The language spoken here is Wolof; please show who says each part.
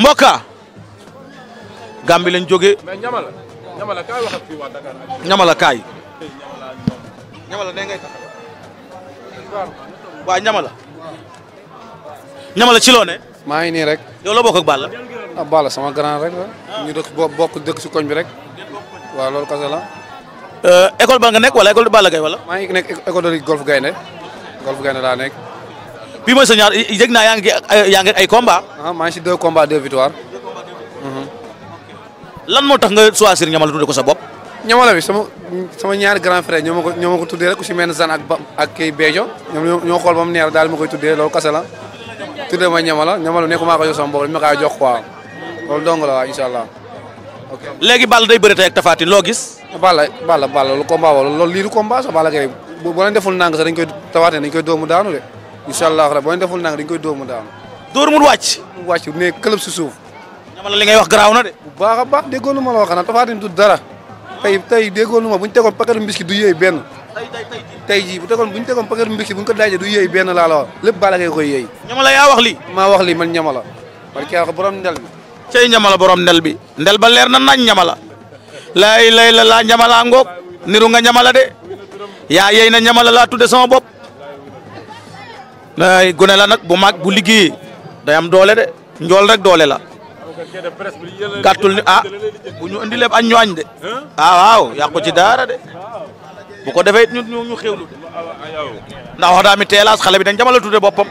Speaker 1: Mboka. Gàmbi lañ jógee. ñamala kaay. ñamala ne ngay
Speaker 2: taxaw. waa ñamala. ñamala ci loo maa ngi nii rek. yow la bokk ak Balla. ah Balla sama grand rek la. ñu dëkk bokk dëkk si koñ bi rek. waaw loolu kase la. Euh, école ba nga nekk wala école de Balla Gaye wala. maa ngi nekk école de golf gaynde golf gaynde laa nekk. bi mooy sa ñaar yegg na yaangi eh, yaangi ay eh, combat. ah ma ci deux combats deux victoires. Mhm. lan moo tax nga choisir ñamal tuddé ko sa bop ñamal bi sama sama ñaar grand frère ñomako ñomako tuddé rek ku ci mel zan ak ak kay Bejo ñom ñoo xol bam neer dal daal ma koy tuddee loolu kese la. tuddé ma ñamala ñamala nekku maa ko jox sama bopp mi ka jox quoi loolu dong la waa incha allah. ok léegi Balla day bëri tay ak Tapha lo gis. Balla Balla Balla lu combat wala loolu li du combat sa Balla Gaye bo bu deful nang sa dañ koy tawate dañ koy doomu daanu de inshallah allah boy deful nang dañ koy doomu mu daanu. dóor mu wàcc. mu wàcc ne këlëb si suuf. ñamala li ngay wax graw na de. bu baaxa baax déggoo lu ma la wax na Tapha Tine du dara. tay tay déggoo lu ma bu ñu paquet mbiski du yey ben tay tay tay tay ji bu tegon buñ tegon paquet mbiski buñ ko dajje du yey ben la la wax lepp Balla Gaye koy ñama la ya wax li ma wax li man ñama la parce que borom ndel bi.
Speaker 1: cey la borom ndel bi ndel ba leer na nañ ñama la la ilaha illallah ñama la ngok niru nga ñama la de ya yey ya, na ñama la la tudde sama bop ay gune la nag bu mag bu liggéey day am doole de njool rek doole la. gàttul ni ah bu ñu indi lépp añ ñu añ de. ah waaw yàqu ci daara de bu ko defee it ñu ñu xéwlu de. ndax wax daa mi teelaas xale bi dañ jamal la tudde boppam.